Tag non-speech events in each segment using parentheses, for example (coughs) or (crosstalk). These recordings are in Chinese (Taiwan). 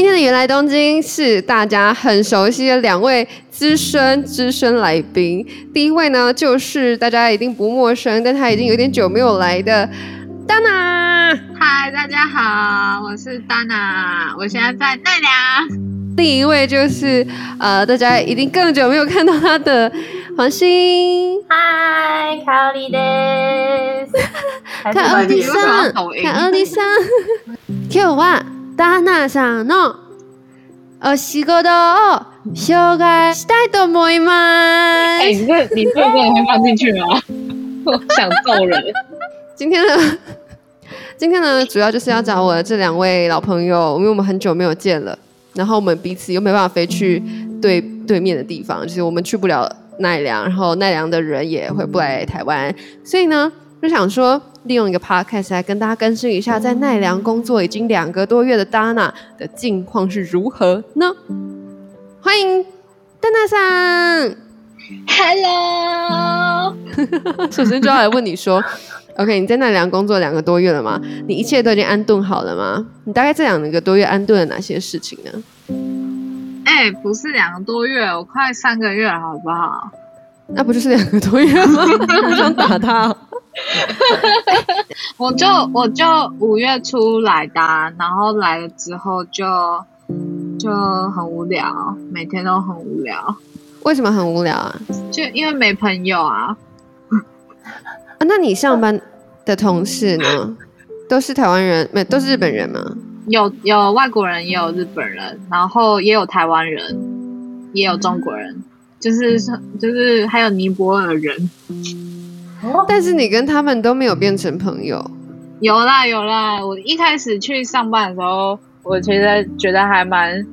今天的《芫來東京》是大家很熟悉的兩位資深資深來賓。第一位呢，就是大家一定不陌生，但他已經有點久沒有來的 Dana。嗨，Hi, 大家好，我是 Dana，我現在在奈良。另一位就是呃，大家一定更久沒有看到他的黃心。嗨，Kaori desu，Kaori-san，Kaori-san，one。 (laughs) 旦那さんのお仕事を紹介したいと思います。欸、你是你自己真會放進去嗎？ (laughs) (laughs) 我想揍人。今天呢，今天呢，主要就是要找我這兩位老朋友，因為我們很久沒有見了，然後我們彼此又沒辦法飛去對對面的地方，就是我們去不了奈良，然後奈良的人也回不來台灣，所以呢。就想說，利用一個 podcast 來跟大家更新一下，在奈良工作已經兩個多月的 Dana 的近況是如何呢？歡迎 Dana さん，Hello。 (laughs) 首先就要來問你說 (laughs) ，OK，你在奈良工作兩個多月了嗎？你一切都已經安頓好了嗎？你大概這兩個多月安頓了哪些事情呢？哎、欸，不是兩個多月，我快三個月了，好不好？那、啊、不就是兩個多月嗎？ (laughs) (laughs) 我想打他。 (laughs) (laughs) 我就我就五月初來的啊，然後來了之後就就很無聊，每天都很無聊。為什麼很無聊啊？就因為沒朋友啊。啊，那你上班的同事呢？ (laughs) 都是台灣人沒？都是日本人嗎？有有外國人，也有日本人，然後也有台灣人，也有中國人，就是就是還有尼泊爾人。 (laughs) 但是你跟他們都沒有變成朋友。哦、有啦有啦，我一開始去上班的時候，我覺得覺得還蠻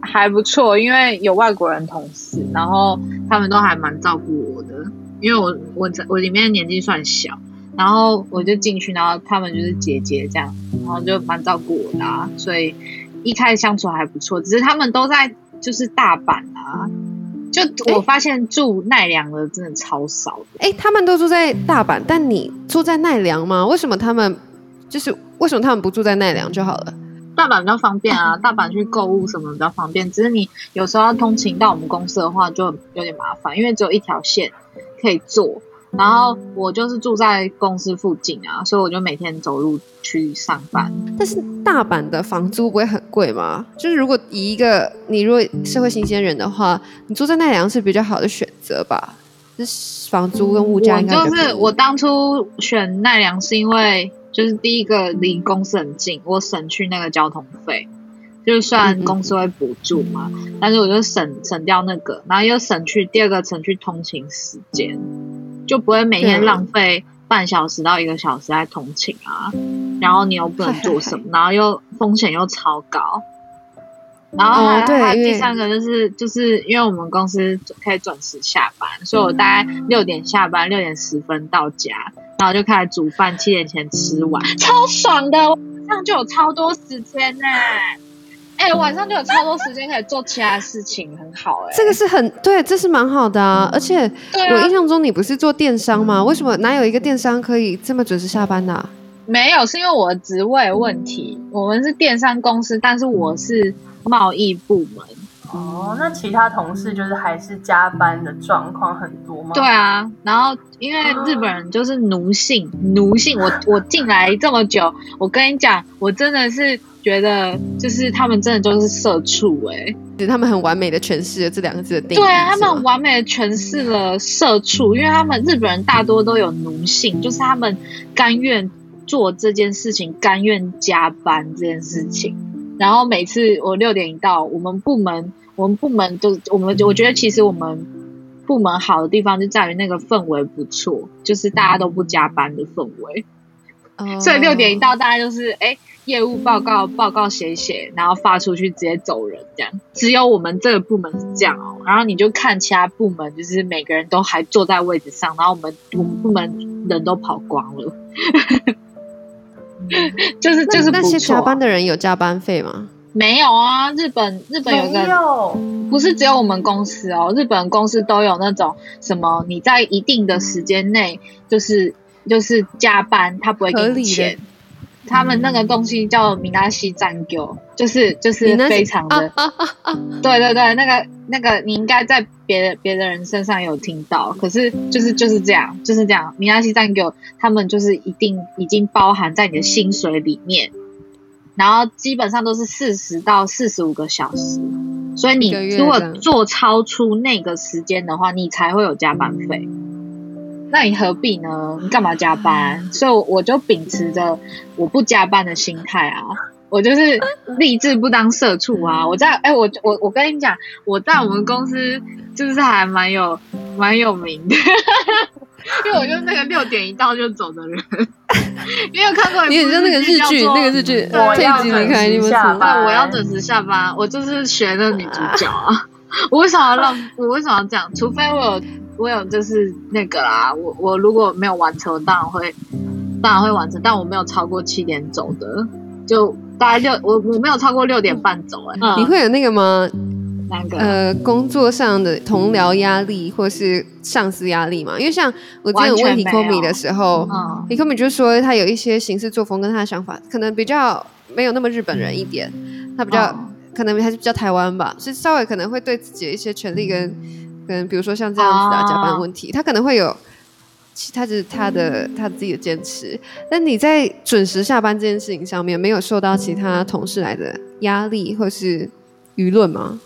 還不錯，因為有外國人同事，然後他們都還蠻照顧我的，因為我我我裡面的年紀算小，然後我就進去，然後他們就是姐姐這樣，然後就蠻照顧我的、啊，所以一開始相處還不錯。只是他們都在就是大阪啊。就我發現住奈良的真的超少的，哎、欸欸，他們都住在大阪，但你住在奈良嗎？為什麼他們就是為什麼他們不住在奈良就好了？大阪比較方便啊， (laughs) 大阪去購物什麼比較方便，只是你有時候要通勤到我們公司的話就有點麻煩，因為只有一條線可以坐。然後我就是住在公司附近啊，所以我就每天走路去上班。但是大阪的房租不會很貴嗎？就是如果一個你如果社會新鮮人的話，你住在奈良是比較好的選擇吧？就是房租跟物價應該、嗯。我就是便宜。我當初選奈良是因為，就是第一個離公司很近，我省去那個交通費，就是雖然公司會補助嘛，嗯嗯，但是我就省省掉那個，然後又省去第二個省去通勤時間。就不會每天浪費半小時到一個小時在通勤啊，然後你又不能做什麼，然後又風險又超高。然後，還有第三個就是就是因為我們公司可以準時下班，所以我大概六點下班，六點十分到家，然後就開始煮飯，七點前吃完，超爽的，這樣就有超多時間哎。哎、欸，晚上就有超多時間可以做其他事情，嗯、很好哎、欸，這個是很對，這是蠻好的啊。嗯、而且、啊、我印象中你不是做電商嗎？嗯、為什麼哪有一個電商可以這麼準時下班呢？、啊？沒有，是因為我的職位的問題。嗯、我們是電商公司，但是我是貿易部門。哦，那其他同事就是還是加班的狀況很多嗎？對啊。然後因為日本人就是奴性，嗯、奴性。我我進來這麼久，我跟你講，我真的是。覺得就是他們真的就是社畜哎，他們很完美的詮釋了這兩個字的定義。對啊，嗎他們完美的詮釋了社畜，因為他們日本人大多都有奴性，就是他們甘願做這件事情，甘願加班這件事情。然後每次我六點一到，我們部門我們部門就我們我覺得其實我們部門好的地方就在於那個氛圍不錯，就是大家都不加班的氛圍。Uh、所以六點一到，大家就是哎。欸業務報告報告寫寫，然後發出去直接走人，這樣。只有我們這個部門是這樣哦。然後你就看其他部門，就是每個人都還坐在位置上，然後我們我們部門人都跑光了。 (laughs) 就是就是那，那些加班的人有加班費嗎？沒有啊，日本日本有個，不是只有我們公司哦，日本公司都有那種什麼你在一定的時間內就是就是加班，他不會給你錢。 (noise) 他們那個東西叫米拉西占優，就是就是非常的，啊啊啊、對對對，那個那個你應該在別的別的人身上有聽到，可是就是就是這樣，就是這樣，米拉西占優，他們就是一定已經包含在你的薪水裡面，然後基本上都是四十到四十五個小時，所以你如果做超出那個時間的話，你才會有加班費。那你何必呢？你幹嘛加班？所以我就秉持着我不加班的心態啊，我就是勵志不當社畜啊！我在哎、欸，我我我跟你講，我在我們公司就是還蠻有蠻有名的， (laughs) 因為我是那個六點一到就走的人。你 (laughs) 有看過？你很像那個日劇，那個日劇，對，我要準時下班。對，我要準時下班。我就是學的女主角啊！ (laughs) 我為什麼要讓我為什麼要這樣？除非我有。我有就是那個啦，我我如果沒有完成，當然會，當然會完成，但我沒有超過七點走的，就大概六，我我沒有超過六點半走哎、欸嗯。你會有那個嗎？嗯、那個呃，工作上的同僚壓力或是上司壓力嗎？因為像我今天有問科米的時候，你科米就是說他有一些行事作風跟他的想法，可能比較沒有那麼日本人一點，嗯、他比較、哦、可能還是比較台灣吧，所以稍微可能會對自己的一些權利跟、嗯。可能比如說像這樣子啊，加班問題，啊、他可能會有，其他就是他的、嗯、他自己的堅持。但你在準時下班這件事情上面，沒有受到其他同事來的壓力或是輿論嗎？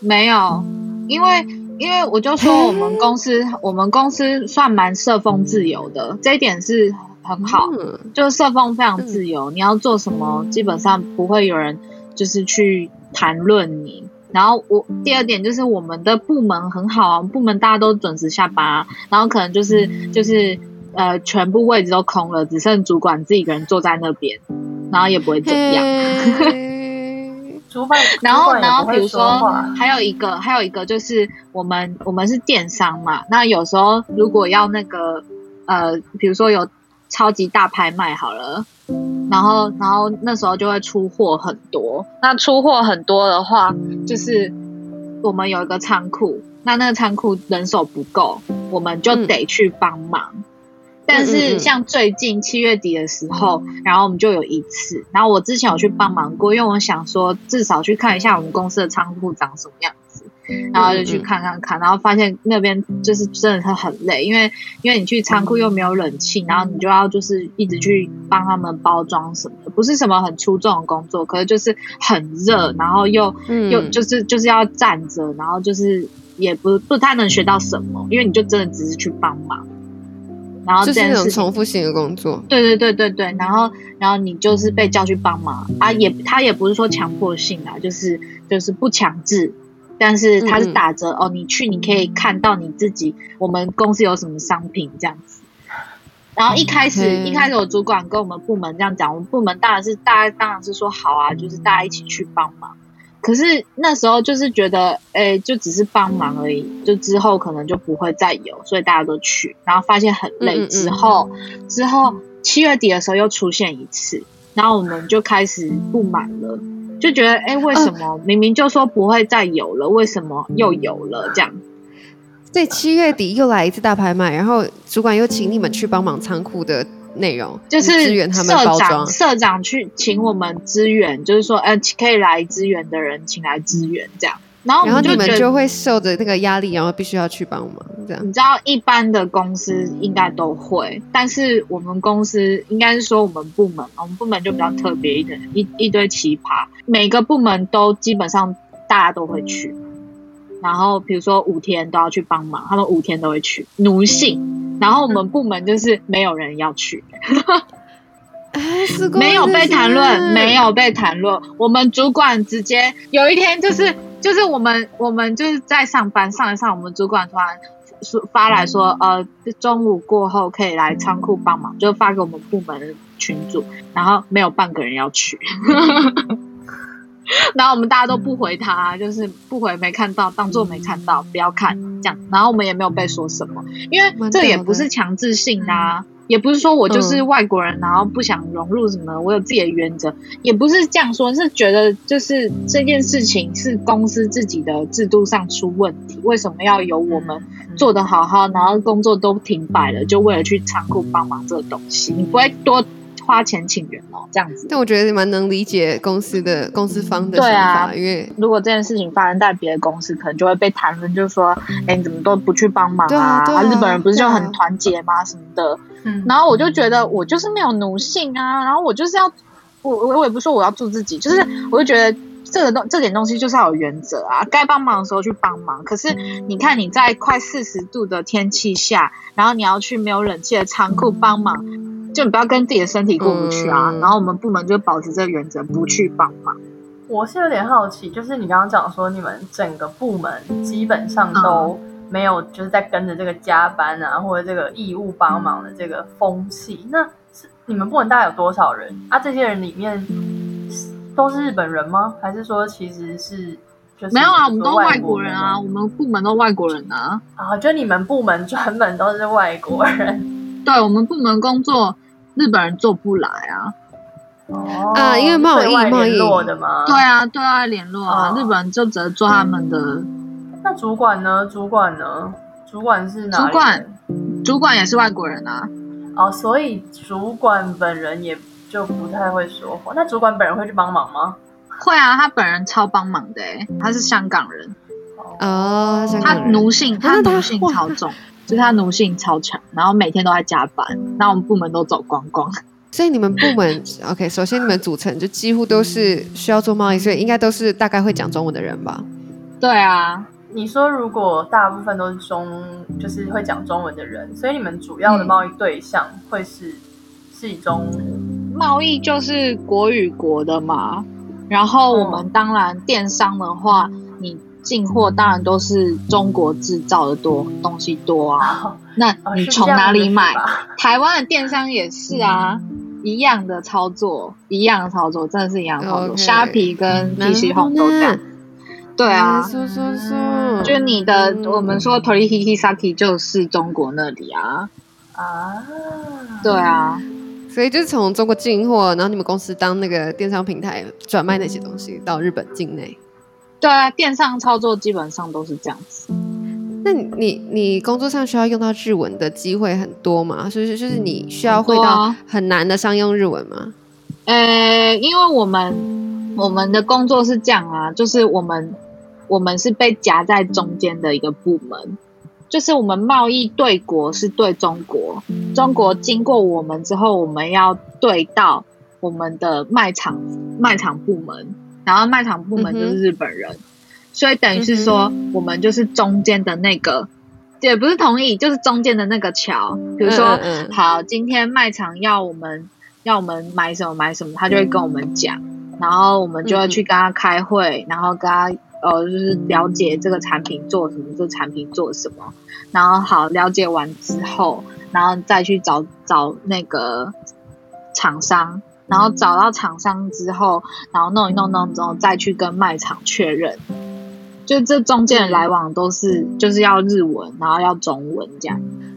沒有，因為因為我就說我們公司、嗯、我們公司算蠻社風自由的，這一點是很好，嗯、就是社風非常自由，嗯、你要做什麼基本上不會有人就是去談論你。然後我第二點就是我們的部門很好啊，部門大家都準時下班，然後可能就是就是呃全部位置都空了，只剩主管自己一個人坐在那邊，然後也不會怎樣。 (laughs) 除非。除然後然後比如說還有一個還有一個就是我們我們是電商嘛，那有時候如果要那個呃比如說有。超級大拍賣好了，然後然後那時候就會出貨很多。那出貨很多的話，就是我們有一個倉庫，那那個倉庫人手不夠，我們就得去幫忙。嗯、但是像最近七月底的時候，嗯、然後我們就有一次，然後我之前有去幫忙過，因為我想說至少去看一下我們公司的倉庫長什麼樣。然後就去看看看，然後發現那邊就是真的是很累，因為因為你去倉庫又沒有冷氣，然後你就要就是一直去幫他們包裝什麼的，不是什麼很出眾的工作，可是就是很熱，然後又、嗯、又就是就是要站着，然後就是也不不太能學到什麼，因為你就真的只是去幫忙，然後這是重複性的工作，對對對對對，然後然後你就是被叫去幫忙啊也，也他也不是說強迫性啊，就是就是不強制。但是他是打折、嗯、哦，你去你可以看到你自己、嗯、我們公司有什麼商品這樣子。然後一開始、嗯 okay. 一開始，我主管跟我們部門這樣講，我們部門當然是大家當然是說好啊，嗯、就是大家一起去幫忙。可是那時候就是覺得，哎、欸，就只是幫忙而已，嗯、就之後可能就不會再有，所以大家都去，然後發現很累、嗯、之後，嗯、之後七月底的時候又出現一次，然後我們就開始不滿了。就覺得，哎、欸，為什麼、呃、明明就說不會再有了，為什麼又有了這樣？這七月底又來一次大拍賣，然後主管又請你們去幫忙倉庫的內容，就是支援他們包裝。社長，社長去請我們支援，就是說，呃，可以來支援的人，請來支援這樣。然後你們就會受着那個壓力，然後必須要去幫忙，這樣。你知道一般的公司應該都會，但是我們公司應該是說我們部門，我們部門就比較特別一點，一一堆奇葩。每個部門都基本上大家都會去，然後比如說五天都要去幫忙，他們五天都會去奴性。然後我們部門就是沒有人要去，哎，沒有被談論，沒有被談論。我們主管直接有一天就是。就是我們，我們就是在上班，上一上，我們主管突然說發來說，呃，中午過後可以來倉庫幫忙，就發給我們部門的群組，然後沒有半個人要去， (laughs) 然後我們大家都不回他，就是不回，沒看到，當做沒看到，不要看這樣，然後我們也沒有被說什麼，因為這也不是強制性的啊。也不是說我就是外國人，嗯、然後不想融入什麼，我有自己的原則，也不是這樣說，是覺得就是這件事情是公司自己的制度上出問題，為什麼要由我們做得好好，嗯、然後工作都停擺了，就為了去倉庫幫忙這個東西，嗯、你不會多。花錢請人哦、喔，這樣子。但我覺得蠻能理解公司的公司方的想法，嗯對啊、因為如果這件事情發生在別的公司，可能就會被談論，就是說，哎、嗯欸，你怎麼都不去幫忙啊？啊，啊，日本人不是就很團結嗎？啊、什麼的。嗯。然後我就覺得，我就是沒有奴性啊。然後我就是要，我我我也不說我要做自己，嗯、就是我就覺得這個東這點東西就是要有原則啊，該幫忙的時候去幫忙。可是你看你在快四十度的天氣下，然後你要去沒有冷氣的倉庫幫忙。嗯就你不要跟自己的身體過不去啊！嗯、然後我們部門就保持這個原則，嗯、不去幫忙。我是有點好奇，就是你剛剛講說你們整個部門基本上都沒有就是在跟着這個加班啊，或者這個義務幫忙的這個風氣。那是你們部門大概有多少人啊？這些人裡面都是日本人嗎？還是說其實是就是有沒有啊？我們都是外國人啊！我們部門都是外國人啊！啊，就你們部門專門都是外國人。對，我們部門工作，日本人做不來啊！啊、oh, 呃，因為貿易聯絡的嘛、啊。對啊，對外聯絡啊，oh. 日本人就只能做他們的。那主管呢？主管呢？主管是哪？主管，主管也是外國人啊。哦，oh, 所以主管本人也就不太會說話。那主管本人會去幫忙嗎？會啊，他本人超幫忙的、欸。他是香港人。哦，oh. 他奴性，oh. 他奴性超重。就他奴性超強，然後每天都在加班，那我們部門都走光光。所以你們部門 (laughs) ，OK，首先你們組成就幾乎都是需要做貿易，所以應該都是大概會講中文的人吧？對啊，你說如果大部分都是中，就是會講中文的人，所以你們主要的貿易對象會是是中、嗯、貿易就是國與國的嘛。然後我們當然電商的話。嗯進貨當然都是中國製造的多東西多啊，那你從哪裡買？台灣的電商也是啊，一樣的操作，一樣的操作，真的是一樣的操作。蝦皮跟 PChome 都這樣，對啊，就你的我們說 Torihiki Saki 就是中國那裡啊啊，對啊，所以就是從中國進貨，然後你們公司當那個電商平台轉賣那些東西到日本境內。對啊，電商操作基本上都是這樣子。那你你你工作上需要用到日文的機會很多嗎？所以就是你需要會到很難的商用日文嗎？嗯、呃，因為我們我們的工作是這樣啊，就是我們我們是被夾在中間的一個部門，就是我們貿易對國是對中國，中國經過我們之後，我們要對到我們的賣場賣場部門。然後賣場部門就是日本人，嗯、哼所以等於是說、嗯、哼我們就是中間的那個，也、嗯、哼不是同意，就是中間的那個橋。比如說，嗯嗯好，今天賣場要我們要我們買什麼買什麼，他就會跟我們講，嗯、然後我們就要去跟他開會，嗯、哼然後跟他呃就是了解這個產品做什麼，嗯、這產品做什麼，然後好了解完之後，嗯、然後再去找找那個廠商。然後找到廠商之後，然後弄一弄弄之後，再去跟賣場確認。就這中間的來往都是，就是要日文，然後要中文這樣。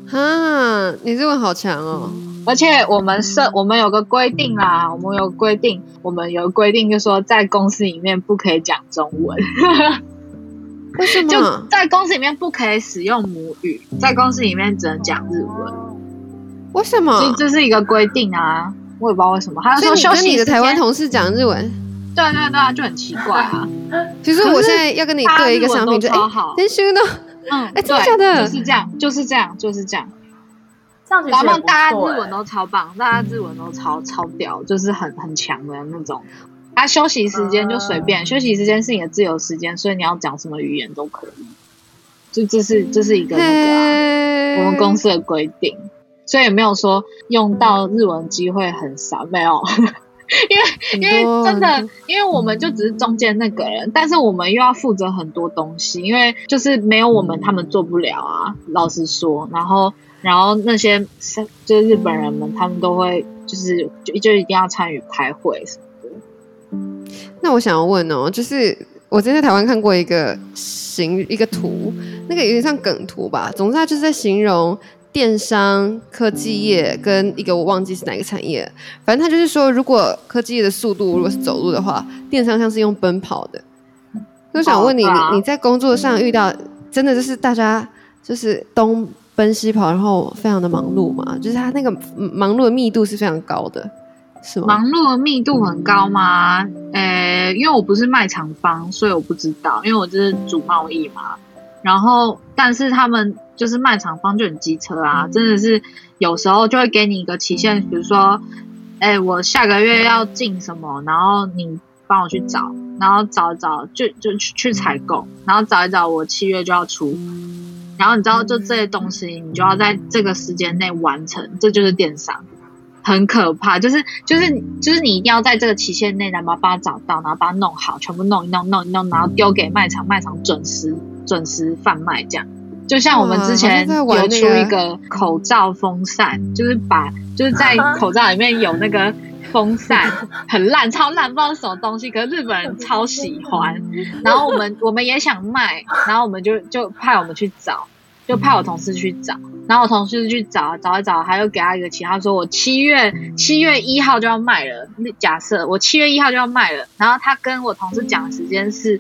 哈、嗯，你日文好強哦！而且我們設我們有個規定啦，我們有個規定，我們有個規定，就是說在公司裡面不可以講中文。 (laughs) 為什麼？就在公司裡面不可以使用母語，在公司裡面只能講日文。為什麼？這是一個規定啊。我也不知道為什麼，他要說休息你跟你的台灣同事講日文，對，對對對，就很奇怪啊。其實 (laughs) 我現在要跟你對一個商品就，就好、啊、好，旭呢、欸？嗯，哎、欸，對就是這樣，就是這樣，就是這樣。然後、欸、大家日文都超棒，大家日文都超超屌，就是很很強的那種。啊，休息時間就隨便，嗯、休息時間是你的自由時間，所以你要講什麼語言都可以。就這是這是一個那個、啊、嘿我們公司的規定。所以也沒有說用到日文機會很少，沒有， (laughs) 因為多因為真的，多因為我們就只是中間那個人，但是我們又要負責很多東西，因為就是沒有我們他們做不了啊，老實說。然後然後那些就是日本人們，他們都會就是就就一定要參與開會什麼的。那我想要問哦、喔，就是我之前在台灣看過一個形一個圖，那個有點像梗圖吧，總之他就是在形容。電商、科技業跟一個我忘記是哪個產業，反正他就是說，如果科技業的速度如果是走路的話，電商像是用奔跑的。就想問你，哦、啊、你，你在工作上遇到、嗯、真的就是大家就是東奔西跑，然後非常的忙碌嗎？就是他那個忙碌的密度是非常高的，是嗎？忙碌的密度很高嗎？呃、嗯欸，因為我不是賣場方，所以我不知道，因為我就是主貿易嘛。然後，但是他們。就是賣場方就很機車啊，真的是有時候就會給你一個期限，比如說，哎、欸，我下個月要進什麼，然後你幫我去找，然後找一找，就就，就去去採購，然後找一找，我七月就要出，然後你知道，就這些東西，你就要在這個時間內完成，這就是電商，很可怕，就是就是就是你一定要在這個期限內，然後把它找到，然後把它弄好，全部弄一弄弄一弄，然後丟給賣場，賣場準時準時販賣這樣。就像我們之前有出一個口罩風扇，嗯、就是把就是在口罩裡面有那個風扇，很爛，超爛，不知道什麼東西，可是日本人超喜歡。然後我們我們也想賣，然後我們就就派我們去找，就派我同事去找。然後我同事去找，找一找，他又給他一個期，他說我七月七月一號就要賣了。那假設我七月一號就要賣了，然後他跟我同事講的時間是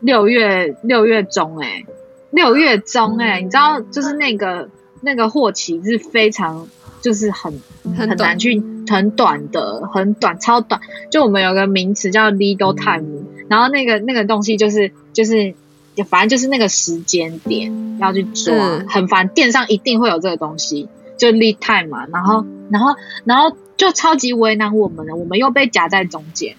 六月六月中、欸，哎。六月中哎，欸，嗯、你知道，就是那個、嗯、那個貨期是非常，就是很很，懂很難去很短的很短超短，就我們有個名詞叫 lead time、嗯、然後那個那個東西就是就是，反正就是那個時間點要去做，嗯、很煩，店上一定會有這個東西，就 lead time 嘛，然後然後然後就超級為難我們了，我們又被夾在中間。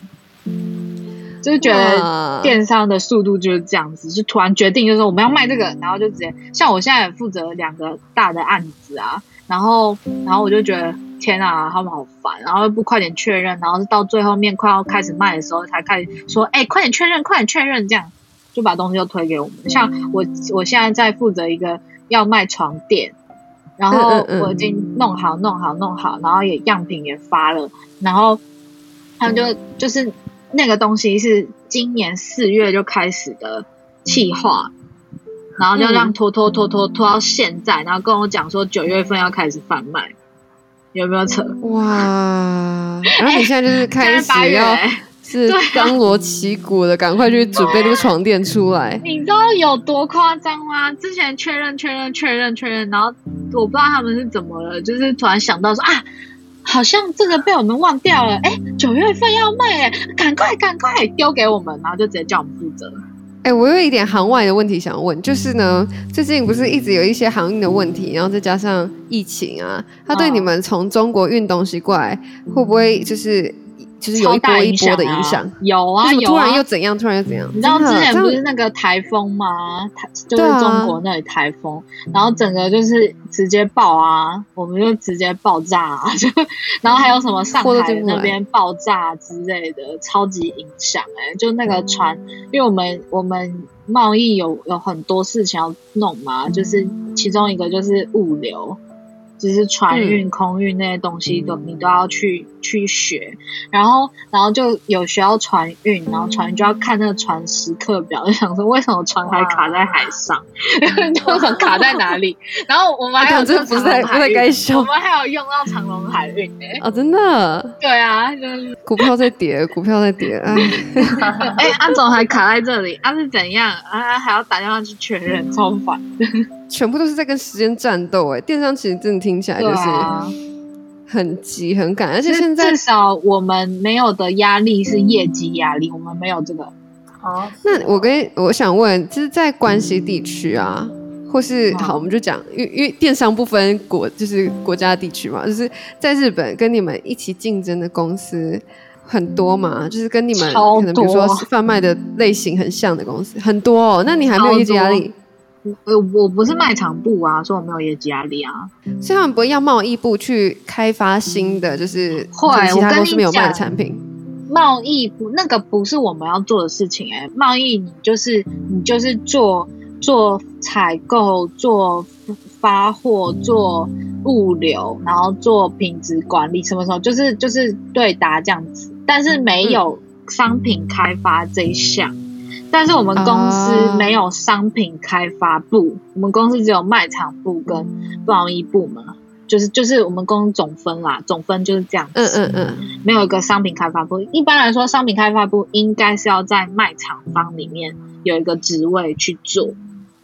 就是覺得電商的速度就是這樣子，就突然決定就是說我們要賣這個，然後就直接像我現在也負責兩個大的案子啊，然後然後我就覺得天啊，他們好煩，然後又不快點確認，然後是到最後面快要開始賣的時候才開始說，哎、欸，快點確認，快點確認，這樣就把東西又推給我們。像我我現在在負責一個要賣床墊，然後我已經弄好弄好弄好，然後也樣品也發了，然後他們就就是。那個東西是今年四月就開始的企劃，然後就這樣拖拖拖拖拖到現在，嗯、然後跟我講說九月份要開始販賣，有沒有扯？哇！然後你現在就是開始要是張羅旗鼓的，趕、欸欸啊、快去準備那個床墊出來。你知道有多誇張嗎？之前確認確認確認確認，然後我不知道他們是怎麼了，就是突然想到說啊。好像這個被我們忘掉了，哎、欸，九月份要賣，欸，趕快趕快丟給我們，然後就直接叫我們負責了。哎、欸，我有一點行外的問題想問，就是呢，最近不是一直有一些航運的問題，嗯、然後再加上疫情啊，它對你們從中國運東西過來，會不會就是、嗯？嗯其實有一波一波的影響，有啊有啊，又怎樣？突然又怎樣？你知道之前不是那個颱風嗎？台就是中國那裡颱風，然後整個就是直接爆啊，我們就直接爆炸啊，就然後還有什麼上海那邊爆炸之類的超級影響哎，就那個船，因為我們我們貿易有有很多事情要弄嘛，就是其中一個就是物流，就是船運、空運那些東西都你都要去。去學，然後，然後就有需要船運，然後船就要看那個船時刻表，就想說為什麼船還卡在海上，然後 Wow. (laughs) 卡在哪裡？然後我們還、啊、還有這個，不是不在該說，我們還有用到長隆海運哎、欸、啊，oh, 真的對啊，真、就、的、是、股票在跌，股票在跌，哎哎，阿總還卡在這裡，他、啊、是怎樣啊？還要打電話去確認，超 (laughs) 煩，全部都是在跟時間戰鬥哎、欸，電商其實真的聽起來就是。很急很趕，而且現在至少我們沒有的壓力是業績壓力，嗯、我們沒有這個。好，那我跟我想問，就是在關西地區啊，嗯、或是、嗯、好，我們就講，因為因為電商不分國，就是國家地區嘛，嗯、就是在日本跟你們一起競爭的公司很多嘛，就是跟你們可能比如說販賣的類型很像的公司超多很多、哦，那你還沒有業績壓力？呃，我不是賣場部啊，所以我沒有業績壓力啊。所以他們不會要貿易部去開發新的、就是，嗯、後來就是其他不是沒有賣的產品。貿易部那個不是我們要做的事情哎，欸。貿易你就是你就是做做採購、做發貨、做物流，然後做品質管理，什麼時候就是就是對答這樣子。但是沒有商品開發這一項。嗯但是我們公司沒有商品開發部，呃、我們公司只有賣場部跟貿易部門，就是就是我們公司總分啦，總分就是這樣子。嗯嗯嗯，沒有一個商品開發部。一般來說，商品開發部應該是要在賣場方裡面有一個職位去做，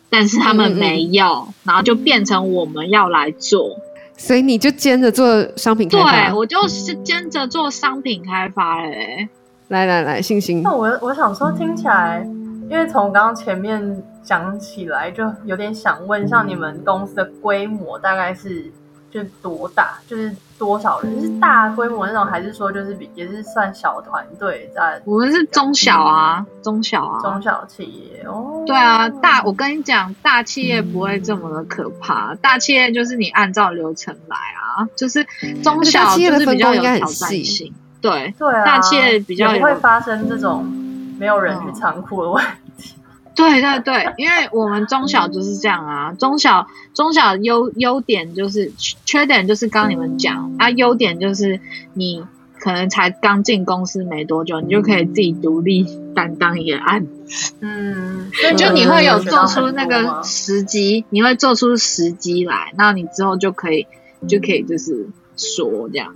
但是他們沒要，嗯嗯然後就變成我們要來做。所以你就兼着做商品開發，對，我就是兼着做商品開發嘞。來來來，信心。那我我想說，聽起來，因為從剛剛前面講起來，就有點想問一下，像你們公司的規模大概是就多大，就是多少人？是大規模那種，還是說就是比也是算小團隊在？我們是中小啊，中小啊，中小企業。哦，對啊，大我跟你講，大企業不會這麼的可怕。嗯、大企業就是你按照流程來啊，就是中小就是比較有挑戰性。對，對、啊、大企業比較也會發生這種沒有人去倉庫的問題、嗯。對對對，因為我們中小就是這樣啊，嗯、中小中小優優點就是缺點就是剛，剛你們講、嗯、啊，優點就是你可能才剛進公司沒多久，嗯、你就可以自己獨立擔當一個案子，嗯， (laughs) 就你會有做出那個時機，嗯、你會做出時機來，那你之後就可以、嗯、就可以就是說這樣。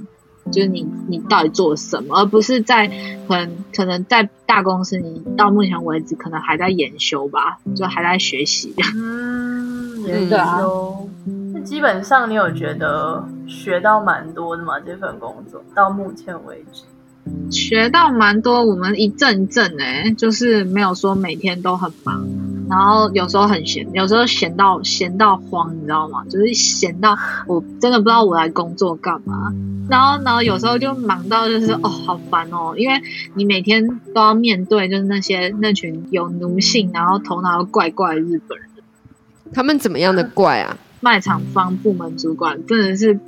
就是你，你到底做什麼？而不是在可能可能在大公司，你到目前為止可能還在研修吧，就還在學習。嗯， (laughs) 對啊，嗯嗯，基本上你有覺得學到蠻多的嗎？這份工作到目前為止學到蠻多。我們一陣陣哎，就是沒有說每天都很忙。然後有時候很閒，有時候閒到閒到慌，你知道嗎？就是閒到我真的不知道我來工作幹嘛。然後，然後有時候就忙到就是哦，好煩哦，因為你每天都要面對就是那些那群有奴性，然後頭腦怪怪的日本人。他們怎麼樣的怪啊？賣場方部門主管真的是。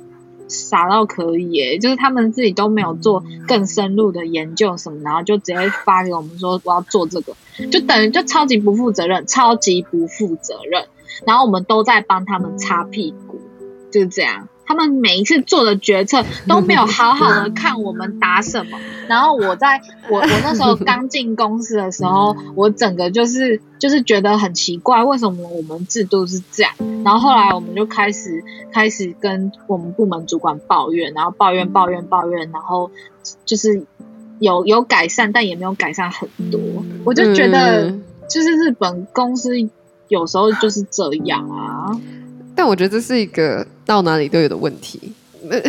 傻到可以耶、欸，就是他們自己都沒有做更深入的研究什麼，然後就直接發給我們說，我要做這個，就等於就超級不負責任，超級不負責任，然後我們都在幫他們擦屁股，就是這樣。他們每一次做的決策都沒有好好的看我們打什麼，然後我在我我那時候剛進公司的時候，我整個就是就是覺得很奇怪，為什麼我們制度是這樣？然後後來我們就開始開始跟我們部門主管抱怨，然後抱怨抱怨抱怨，然後就是有有改善，但也沒有改善很多。我就覺得，就是日本公司有時候就是這樣啊。但我覺得這是一個到哪裡都有的問題，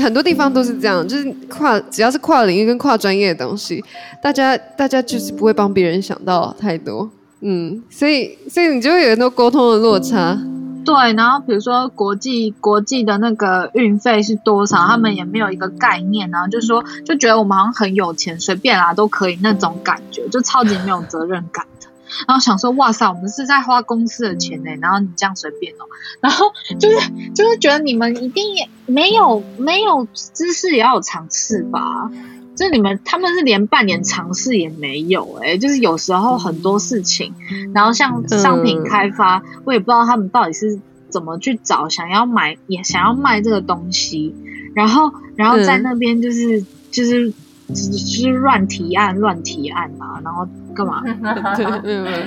很多地方都是這樣，就是跨只要是跨領域跟跨專業的東西，大家大家就是不會幫別人想到太多，嗯，所以所以你就會有很多溝通的落差。對，然後比如說國際國際的那個運費是多少，他們也沒有一個概念呢、啊，就是說就覺得我們好像很有錢，隨便啦都可以那種感覺，就超級沒有責任感。 (laughs) 然後想說，哇塞，我們是在花公司的錢哎、欸，然後你這樣隨便哦，然後就是就是覺得你們一定也沒有沒有知識也要有嘗試吧，就你們他們是連半年嘗試也沒有哎、欸，就是有時候很多事情，然後像商品開發，嗯、我也不知道他們到底是怎麼去找想要買也想要賣這個東西，然後然後在那邊就是、嗯、就是。只是亂提案，亂提案嘛，然後幹嘛？ (laughs) (laughs) 對嗯，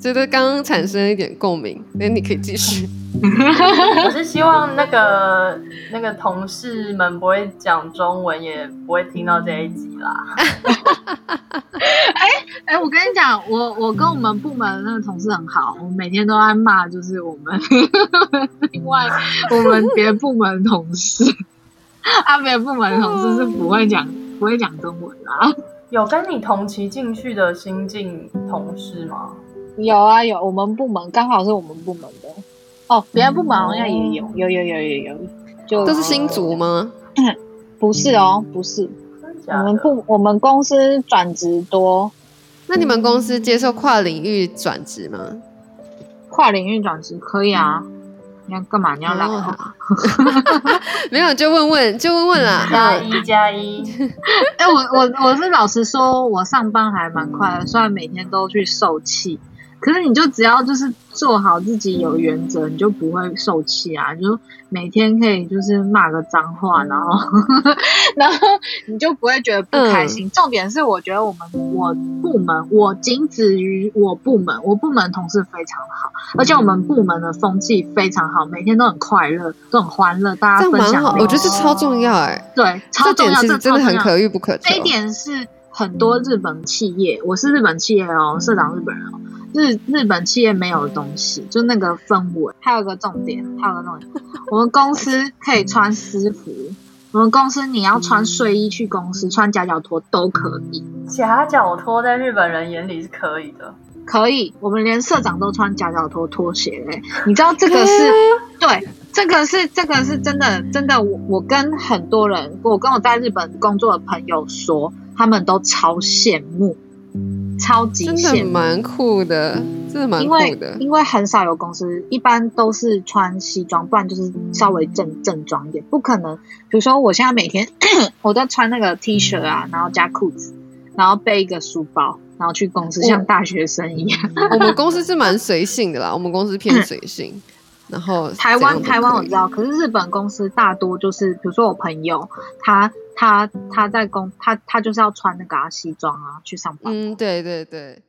覺得剛剛產生一點共鳴，那、欸、你可以繼續。 (laughs) 我是希望那個那個同事們不會講中文，也不會聽到這一集啦。哎哎、 (laughs) 欸欸，我跟你講，我我跟我們部門那個同事很好，我每天都在罵，就是我們， (laughs) 另外我們別部門同事， (laughs) 啊，別部門的同事是不會講。 (laughs) 不會講中文啊？有跟你同期進去的新進同事嗎？有啊有，我們部門剛好是我們部門的。哦，別的部門好像也有，嗯、有有有有有，就都是新卒嗎、嗯？不是哦，不是，我們部我們公司轉職多。那你們公司接受跨領域轉職嗎？嗯、跨領域轉職可以啊。嗯你要幹嘛？你要拉我、哦、 (laughs) (laughs) 沒有，就問問，就問問啦。加一、嗯、加一。哎、 (laughs) 欸，我我我是老實說，我上班還蠻快的，嗯、雖然每天都去受氣。可是你就只要就是做好自己有原則，你就不會受氣啊！你就每天可以就是罵個髒話，然後 (laughs) 然後你就不會覺得不開心。嗯、重點是我覺得我們我部門，我僅止於我部門，我部門同事非常好，嗯、而且我們部門的風氣非常好，每天都很快樂，都很歡樂，大家分享就。我覺得這超重要哎、欸呃，對，超重要，這點真的很可遇不可求。這一點是很多日本企業，我是日本企業哦、喔，嗯、社長日本人哦、喔。日日本企業沒有的東西，就那個氛圍。還有個重點，還有個重點， (laughs) 我們公司可以穿私服，我們公司你要穿睡衣去公司，穿夾腳拖都可以。夾腳拖在日本人眼裡是可以的，可以。我們連社長都穿夾腳拖拖鞋誒、欸、你知道這個是 (laughs) 對，這個是這個是真的，真的我。我我跟很多人，我跟我在日本工作的朋友說，他們都超羨慕。超級真的蠻酷的，真的蠻酷的。因為因為很少有公司，一般都是穿西裝，不然就是稍微正正裝一點，不可能。比如說，我現在每天 (coughs) 我都穿那個 T 恤啊，然後加褲子，然後背一個書包，然後去公司我像大學生一樣我。我們公司是蠻隨性的啦，我們公司偏隨性。 (coughs) 然後台灣台灣我知道，可是日本公司大多就是，比如說我朋友他。他他在公他他就是要穿那個啊西裝啊去上班。嗯，對對對。